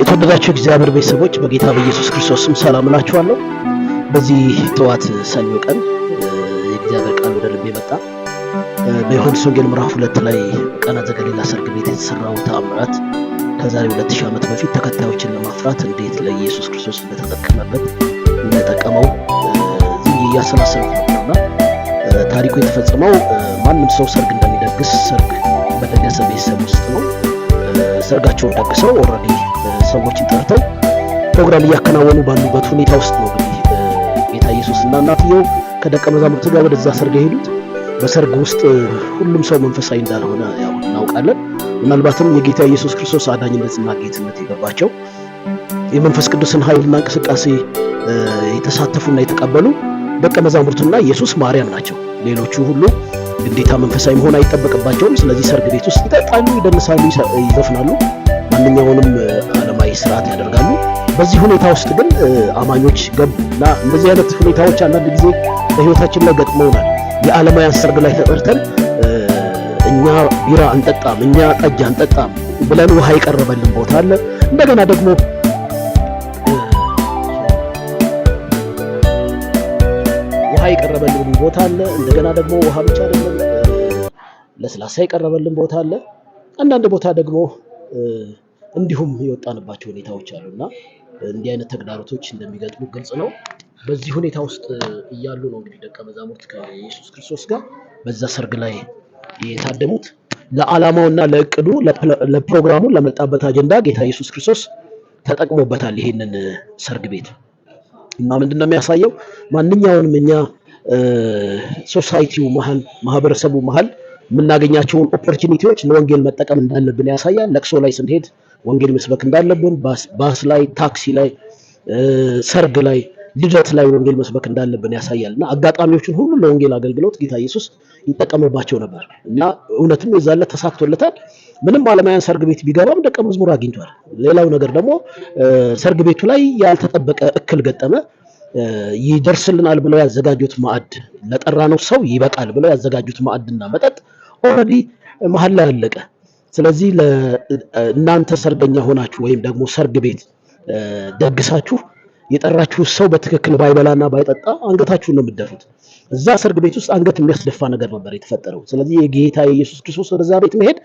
የተወደዳችሁ እግዚአብሔር ቤተሰቦች በጌታ በኢየሱስ ክርስቶስ ስም ሰላም እላችኋለሁ። በዚህ ጠዋት ሰኞ ቀን የእግዚአብሔር ቃል ወደ ልቤ መጣ። በዮሐንስ ወንጌል ምዕራፍ ሁለት ላይ ቃና ዘገሊላ ሰርግ ቤት የተሰራው ተአምራት ከዛሬ 2000 ዓመት በፊት ተከታዮችን ለማፍራት እንዴት ለኢየሱስ ክርስቶስ እንደተጠቀመበት እንደጠቀመው እያሰላሰሉ ነውና ታሪኩ የተፈጸመው ማንም ሰው ሰርግ እንደሚደግስ ሰርግ በደገሰ ቤተሰብ ውስጥ ነው። ሰርጋቸውን ደግሰው ኦልሬዲ ሰዎችን ጠርተው ፕሮግራም እያከናወኑ ባሉበት ሁኔታ ውስጥ ነው እንግዲህ ጌታ ኢየሱስና እናትየው ከደቀ መዛሙርት ጋር ወደዛ ሰርግ የሄዱት። በሰርግ ውስጥ ሁሉም ሰው መንፈሳዊ እንዳልሆነ ያው እናውቃለን። ምናልባትም የጌታ ኢየሱስ ክርስቶስ አዳኝነትና ጌትነት የገባቸው የመንፈስ ቅዱስን ኃይልና እንቅስቃሴ የተሳተፉና የተቀበሉ ደቀ መዛሙርትና ኢየሱስ ማርያም ናቸው። ሌሎቹ ሁሉ ግዴታ መንፈሳዊ መሆን አይጠበቅባቸውም። ስለዚህ ሰርግ ቤት ውስጥ ይጠጣሉ፣ ይደንሳሉ፣ ይዘፍናሉ፣ ማንኛውንም ዓለማዊ ስርዓት ያደርጋሉ። በዚህ ሁኔታ ውስጥ ግን አማኞች ገቡና እንደዚህ አይነት ሁኔታዎች አንዳንድ ጊዜ በህይወታችን ላይ ገጥመውናል። የዓለማውያን ሰርግ ላይ ተጠርተን እኛ ቢራ አንጠጣም፣ እኛ ጠጅ አንጠጣም ብለን ውሃ የቀረበልን ቦታ አለ። እንደገና ደግሞ ውሃ የቀረበልን ቦታ አለ። እንደገና ደግሞ ውሃ ብቻ አይደለም፣ ለስላሳ የቀረበልን ቦታ አለ። አንዳንድ ቦታ ደግሞ እንዲሁም የወጣንባቸው ሁኔታዎች አሉና እንዲህ አይነት ተግዳሮቶች እንደሚገጥሙ ግልጽ ነው። በዚህ ሁኔታ ውስጥ እያሉ ነው እንግዲህ ደቀ መዛሙርት ከኢየሱስ ክርስቶስ ጋር በዛ ሰርግ ላይ የታደሙት። ለዓላማውና ለእቅዱ ለፕሮግራሙ ለመጣበት አጀንዳ ጌታ ኢየሱስ ክርስቶስ ተጠቅሞበታል ይሄንን ሰርግ ቤት እና ምንድን ነው የሚያሳየው ማንኛውንም እኛ ሶሳይቲው መሀል ማህበረሰቡ መሀል የምናገኛቸውን ኦፖርቹኒቲዎች ለወንጌል መጠቀም እንዳለብን ያሳያል። ለቅሶ ላይ ስንሄድ ወንጌል መስበክ እንዳለብን፣ ባስ ላይ፣ ታክሲ ላይ፣ ሰርግ ላይ ልደት ላይ ወንጌል መስበክ እንዳለብን ያሳያል እና አጋጣሚዎችን ሁሉ ለወንጌል አገልግሎት ጌታ ኢየሱስ ይጠቀምባቸው ነበር እና እውነትም የዛለት ተሳክቶለታል። ምንም አለማያን ሰርግ ቤት ቢገባም ደቀ መዝሙር አግኝቷል። ሌላው ነገር ደግሞ ሰርግ ቤቱ ላይ ያልተጠበቀ እክል ገጠመ። ይደርስልናል ብለው ያዘጋጁት ማዕድ ለጠራ ነው ሰው ይበቃል ብለው ያዘጋጁት ማዕድና መጠጥ ኦልሬዲ መሀል ላይ አለቀ። ስለዚህ እናንተ ሰርገኛ ሆናችሁ ወይም ደግሞ ሰርግ ቤት ደግሳችሁ የጠራችሁ ሰው በትክክል ባይበላና ባይጠጣ አንገታችሁን ነው የምትደፉት። እዛ ሰርግ ቤት ውስጥ አንገት የሚያስደፋ ነገር ነበር የተፈጠረው። ስለዚህ የጌታ የኢየሱስ ክርስቶስ ወደዛ ቤት መሄድ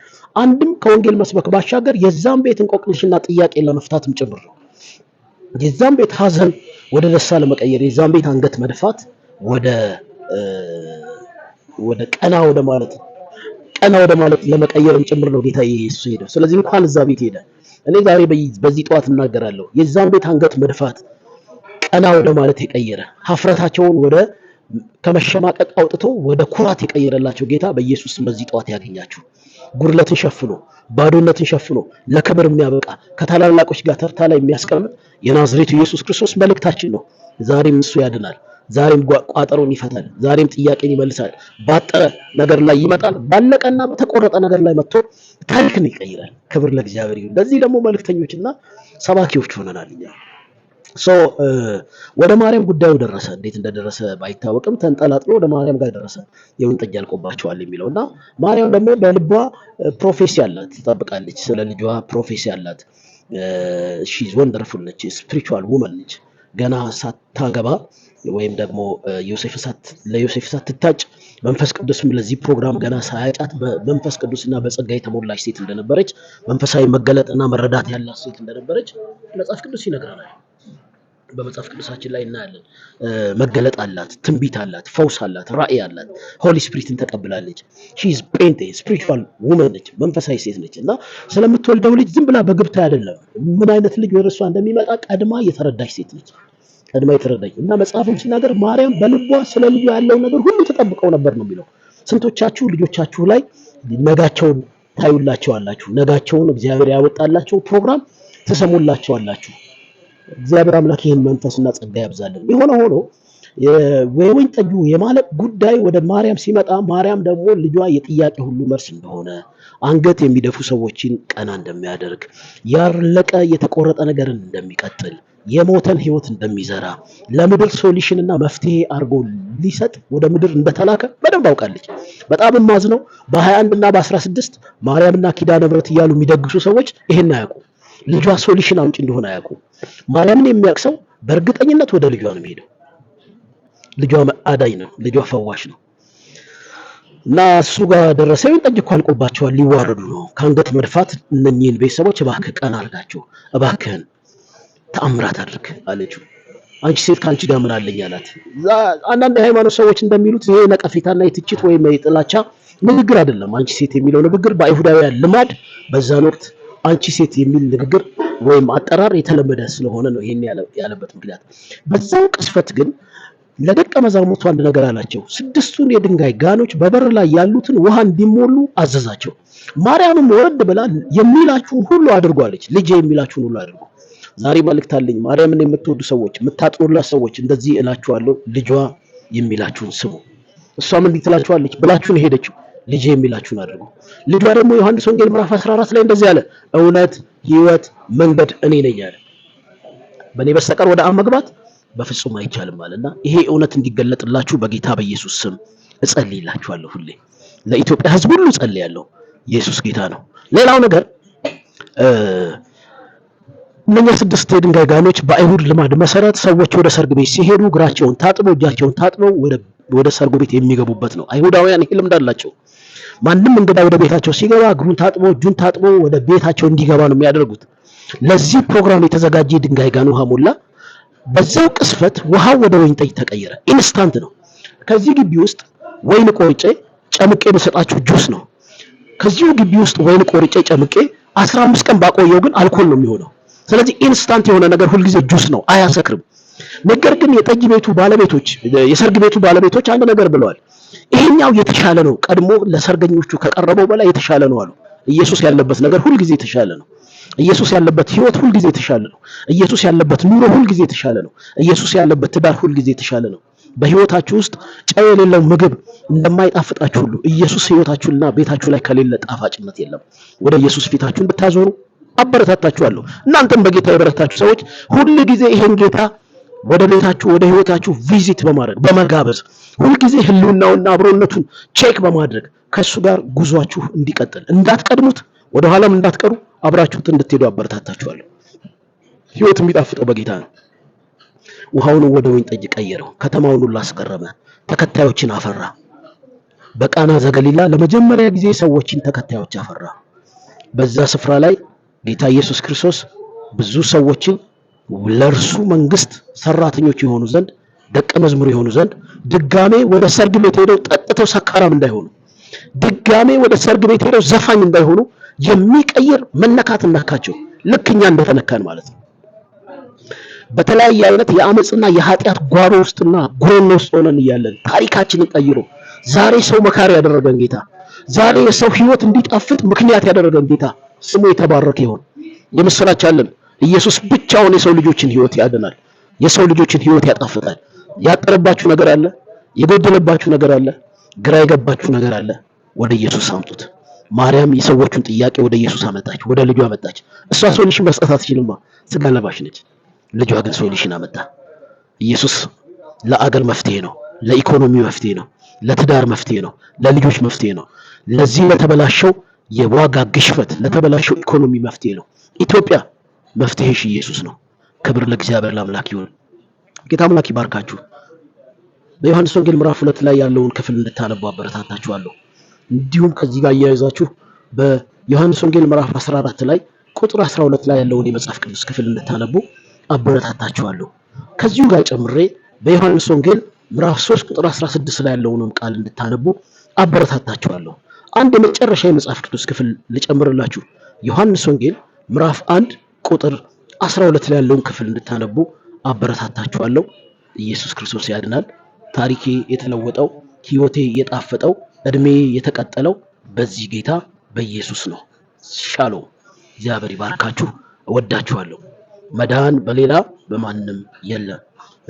አንድም ከወንጌል መስበክ ባሻገር የዛም ቤት እንቆቅልሽና ጥያቄ ለመፍታትም ጭምር ነው። የዛም ቤት ሀዘን ወደ ደስታ ለመቀየር፣ የዛም ቤት አንገት መድፋት ወደ ወደ ቀና ወደ ማለት ቀና ወደ ማለት ለመቀየርም ጭምር ነው ጌታ ኢየሱስ ሄደው። ስለዚህ እንኳን እዛ ቤት ሄደ። እኔ ዛሬ በዚህ ጠዋት እናገራለሁ የዛም ቤት አንገት መድፋት ቀና ወደ ማለት የቀየረ ሀፍረታቸውን ወደ ከመሸማቀቅ አውጥቶ ወደ ኩራት የቀየረላቸው ጌታ በኢየሱስ በዚህ ጠዋት ያገኛችሁ። ጉድለትን ሸፍኖ ባዶነትን ሸፍኖ ለክብር የሚያበቃ ከታላላቆች ጋር ተርታ ላይ የሚያስቀምጥ የናዝሬቱ ኢየሱስ ክርስቶስ መልእክታችን ነው። ዛሬም እሱ ያድናል። ዛሬም ቋጠሮን ይፈታል። ዛሬም ጥያቄን ይመልሳል። ባጠረ ነገር ላይ ይመጣል። ባለቀና በተቆረጠ ነገር ላይ መጥቶ ታሪክን ይቀይራል። ክብር ለእግዚአብሔር ይሁን። በዚህ ደግሞ መልእክተኞችና ሰባኪዎች ሆነናል እኛ Uh, ወደ ማርያም ጉዳዩ ደረሰ። እንዴት እንደደረሰ ባይታወቅም ተንጠላጥሎ ወደ ማርያም ጋር ደረሰ። የሆነ ጥያቄ ያልቆባቸዋል የሚለው እና ማርያም ደግሞ በልቧ ፕሮፌሲ አላት፣ ትጠብቃለች። ስለ ልጇ ፕሮፌሲ አላት። ሺዝ ወንደርፉል ነች፣ ስፒሪቹዋል ውመን ነች። ገና ሳታገባ ወይም ደግሞ ለዮሴፍ ሳትታጭ መንፈስ ቅዱስም ለዚህ ፕሮግራም ገና ሳያጫት በመንፈስ ቅዱስና በጸጋ የተሞላች ሴት እንደነበረች መንፈሳዊ መገለጥና መረዳት ያላት ሴት እንደነበረች መጽሐፍ ቅዱስ ይነግረናል። በመጽሐፍ ቅዱሳችን ላይ እናያለን። መገለጥ አላት፣ ትንቢት አላት፣ ፈውስ አላት፣ ራእይ አላት። ሆሊ ስፒሪትን ተቀብላለች። ሺዝ ጴንጤ ስፒሪቹዋል ውመን ነች፣ መንፈሳዊ ሴት ነች። እና ስለምትወልደው ልጅ ዝም ብላ በግብታ አይደለም። ምን አይነት ልጅ ወደ እሷ እንደሚመጣ ቀድማ የተረዳች ሴት ነች፣ ቀድማ የተረዳች እና መጽሐፉም ሲናገር ማርያም በልቧ ስለ ልጁ ያለው ነገር ሁሉ ተጠብቀው ነበር ነው የሚለው። ስንቶቻችሁ ልጆቻችሁ ላይ ነጋቸውን ታዩላቸዋላችሁ፣ ነጋቸውን እግዚአብሔር ያወጣላቸው ፕሮግራም ትሰሙላቸዋላችሁ እግዚአብሔር አምላክ ይህን መንፈስና ጸጋ ያብዛልን። የሆነ ሆኖ የወይን ጠጁ የማለቅ ጉዳይ ወደ ማርያም ሲመጣ ማርያም ደግሞ ልጇ የጥያቄ ሁሉ መርስ እንደሆነ አንገት የሚደፉ ሰዎችን ቀና እንደሚያደርግ ያለቀ የተቆረጠ ነገርን እንደሚቀጥል የሞተን ሕይወት እንደሚዘራ ለምድር ሶሉሽን እና መፍትሄ አድርጎ ሊሰጥ ወደ ምድር እንደተላከ በደንብ አውቃለች። በጣም ማዝ ነው። በ21 እና በ16 ማርያምና ኪዳነ ምሕረት እያሉ የሚደግሱ ሰዎች ይህን አያውቁ። ልጇ ሶሉሽን አምጪ እንደሆነ አያውቁም። ማርያምን የሚያውቅ ሰው በእርግጠኝነት ወደ ልጇ ነው የሚሄደው። ልጇ አዳኝ ነው። ልጇ ፈዋሽ ነው። እና እሱ ጋር ደረሰ። ይሄን ጠጅ እኮ አልቆባቸዋል፣ ሊዋረዱ ነው። ከአንገት መድፋት እነኚህን ቤተሰቦች እባክህ ቀና አድርጋቸው፣ እባክህን ተአምራት አድርግ አለችው። አንቺ ሴት ከአንቺ ጋር ምን አለኝ አላት። አንዳንድ የሃይማኖት ሰዎች እንደሚሉት ይሄ ነቀፌታና የትችት ወይም የጥላቻ ንግግር አይደለም። አንቺ ሴት የሚለው ንግግር በአይሁዳውያን ልማድ በዛን ወቅት አንቺ ሴት የሚል ንግግር ወይም አጠራር የተለመደ ስለሆነ ነው ይሄን ያለበት ምክንያት። በዛው ቅስፈት ግን ለደቀ መዛሙርቱ አንድ ነገር አላቸው። ስድስቱን የድንጋይ ጋኖች በበር ላይ ያሉትን ውሃ እንዲሞሉ አዘዛቸው። ማርያምም ወረድ ብላ የሚላችሁን ሁሉ አድርጓለች። አለች። ልጄ የሚላችሁን ሁሉ አድርጉ። ዛሬ መልእክት አለኝ። ማርያምን የምትወዱ ሰዎች፣ የምታጥኑላት ሰዎች እንደዚህ እላችኋለሁ፣ ልጇ የሚላችሁን ስሙ። እሷም እንዲህ ትላችኋለች ብላችሁን ሄደችው ልጄ የሚላችሁን አድርጉ። ልጇ ደግሞ ዮሐንስ ወንጌል ምዕራፍ 14 ላይ እንደዚህ አለ፣ እውነት ህይወት መንገድ እኔ ነኝ አለ። በእኔ በስተቀር ወደ አብ መግባት በፍጹም አይቻልም አለና ይሄ እውነት እንዲገለጥላችሁ በጌታ በኢየሱስ ስም እጸልይላችኋለሁ። ሁሌ ለኢትዮጵያ ህዝብ ሁሉ እጸልያለሁ። ኢየሱስ ጌታ ነው። ሌላው ነገር እነኛ ስድስት የድንጋይ ጋኖች በአይሁድ ልማድ መሰረት ሰዎች ወደ ሰርግ ቤት ሲሄዱ እግራቸውን ታጥበው እጃቸውን ታጥበው ወደ ሰርጉ ቤት የሚገቡበት ነው። አይሁዳውያን ይሄ ልምድ አላቸው። ማንም እንግዳ ወደ ቤታቸው ሲገባ እግሩን ታጥቦ እጁን ታጥቦ ወደ ቤታቸው እንዲገባ ነው የሚያደርጉት። ለዚህ ፕሮግራም የተዘጋጀ ድንጋይ ጋን ውሃ ሞላ። በዛው ቅስፈት ውሃው ወደ ወይን ጠጅ ተቀየረ። ኢንስታንት ነው። ከዚህ ግቢ ውስጥ ወይን ቆርጬ ጨምቄ የምሰጣችሁ ጁስ ነው። ከዚሁ ግቢ ውስጥ ወይን ቆርጬ ጨምቄ 15 ቀን ባቆየው ግን አልኮል ነው የሚሆነው። ስለዚህ ኢንስታንት የሆነ ነገር ሁልጊዜ ጁስ ነው፣ አያሰክርም። ነገር ግን የጠጅ ቤቱ ባለቤቶች የሰርግ ቤቱ ባለቤቶች አንድ ነገር ብለዋል። ይሄኛው የተሻለ ነው፣ ቀድሞ ለሰርገኞቹ ከቀረበው በላይ የተሻለ ነው አሉ። ኢየሱስ ያለበት ነገር ሁልጊዜ የተሻለ ነው። ኢየሱስ ያለበት ህይወት ሁልጊዜ የተሻለ ነው። ኢየሱስ ያለበት ኑሮ ሁልጊዜ የተሻለ ነው። ኢየሱስ ያለበት ትዳር ሁልጊዜ የተሻለ ነው። በህይወታችሁ ውስጥ ጨው የሌለው ምግብ እንደማይጣፍጣችሁ ሁሉ ኢየሱስ ህይወታችሁና ቤታችሁ ላይ ከሌለ ጣፋጭነት የለም። ወደ ኢየሱስ ፊታችሁን ብታዞሩ አበረታታችኋለሁ። እናንተም በጌታ የበረታችሁ ሰዎች ሁልጊዜ ይሄን ጌታ ወደ ቤታችሁ ወደ ህይወታችሁ ቪዚት በማድረግ በመጋበዝ ሁልጊዜ ህልውናውና አብሮነቱን ቼክ በማድረግ ከእሱ ጋር ጉዟችሁ እንዲቀጥል እንዳትቀድሙት፣ ወደ ኋላም እንዳትቀሩ አብራችሁት እንድትሄዱ አበረታታችኋለሁ። ህይወት የሚጣፍጠው በጌታ ነው። ውሃውን ወደ ወይን ጠጅ ቀየረው፣ ከተማውን ሁሉ አስገረመ፣ ተከታዮችን አፈራ። በቃና ዘገሊላ ለመጀመሪያ ጊዜ ሰዎችን ተከታዮች አፈራ። በዛ ስፍራ ላይ ጌታ ኢየሱስ ክርስቶስ ብዙ ሰዎችን ለእርሱ መንግስት ሰራተኞች የሆኑ ዘንድ ደቀ መዝሙር የሆኑ ዘንድ ድጋሜ ወደ ሰርግ ቤት ሄደው ጠጥተው ሰካራም እንዳይሆኑ ድጋሜ ወደ ሰርግ ቤት ሄደው ዘፋኝ እንዳይሆኑ የሚቀይር መነካት እናካቸው ልክ እኛ እንደተነካን ማለት ነው። በተለያየ አይነት የአመፅና የኃጢአት ጓሮ ውስጥና ጉረን ውስጥ ሆነን እያለን ታሪካችንን ቀይሮ ዛሬ ሰው መካሪ ያደረገን ጌታ፣ ዛሬ የሰው ህይወት እንዲጣፍጥ ምክንያት ያደረገን ጌታ ስሙ የተባረከ ይሁን። የምስራች አለን። ኢየሱስ ብቻውን የሰው ልጆችን ህይወት ያድናል። የሰው ልጆችን ህይወት ያጣፍጣል። ያጠረባችሁ ነገር አለ፣ የጎደለባችሁ ነገር አለ፣ ግራ የገባችሁ ነገር አለ፣ ወደ ኢየሱስ አምጡት። ማርያም የሰዎቹን ጥያቄ ወደ ኢየሱስ አመጣች፣ ወደ ልጇ አመጣች። እሷ ሶሉሽን መስጠት አትችልማ፣ ስጋ ለባሽ ነች። ልጇ ግን ሶሉሽን አመጣ። ኢየሱስ ለአገር መፍትሄ ነው፣ ለኢኮኖሚ መፍትሄ ነው፣ ለትዳር መፍትሄ ነው፣ ለልጆች መፍትሄ ነው። ለዚህ ለተበላሸው የዋጋ ግሽበት፣ ለተበላሸው ኢኮኖሚ መፍትሄ ነው። ኢትዮጵያ መፍትሄሽ ኢየሱስ ነው። ክብር ለእግዚአብሔር ለአምላክ ይሁን። ጌታ አምላክ ይባርካችሁ። በዮሐንስ ወንጌል ምዕራፍ ሁለት ላይ ያለውን ክፍል እንድታነቡ አበረታታችኋለሁ። እንዲሁም ከዚህ ጋር እያያዛችሁ በዮሐንስ ወንጌል ምዕራፍ 14 ላይ ቁጥር 12 ላይ ያለውን የመጽሐፍ ቅዱስ ክፍል እንድታነቡ አበረታታችኋለሁ። ከዚሁ ጋር ጨምሬ በዮሐንስ ወንጌል ምዕራፍ 3 ቁጥር 16 ላይ ያለውንም ቃል እንድታነቡ አበረታታችኋለሁ። አንድ የመጨረሻ የመጽሐፍ ቅዱስ ክፍል ልጨምርላችሁ። ዮሐንስ ወንጌል ምዕራፍ 1 ቁጥር 12 ላይ ያለውን ክፍል እንድታነቡ አበረታታችኋለሁ። ኢየሱስ ክርስቶስ ያድናል። ታሪኬ የተለወጠው፣ ህይወቴ የጣፈጠው፣ እድሜ የተቀጠለው በዚህ ጌታ በኢየሱስ ነው። ሻሎም። እግዚአብሔር ይባርካችሁ። እወዳችኋለሁ። መዳን በሌላ በማንም የለም።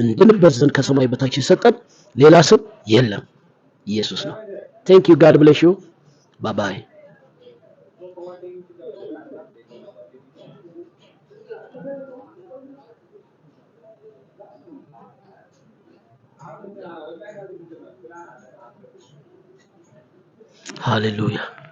እንድንበት ዘንድ ከሰማይ በታች የሰጠን ሌላ ስም የለም፣ ኢየሱስ ነው። ቴንክ ዩ ጋድ ብለሽ ዩ ባባይ Hallelujah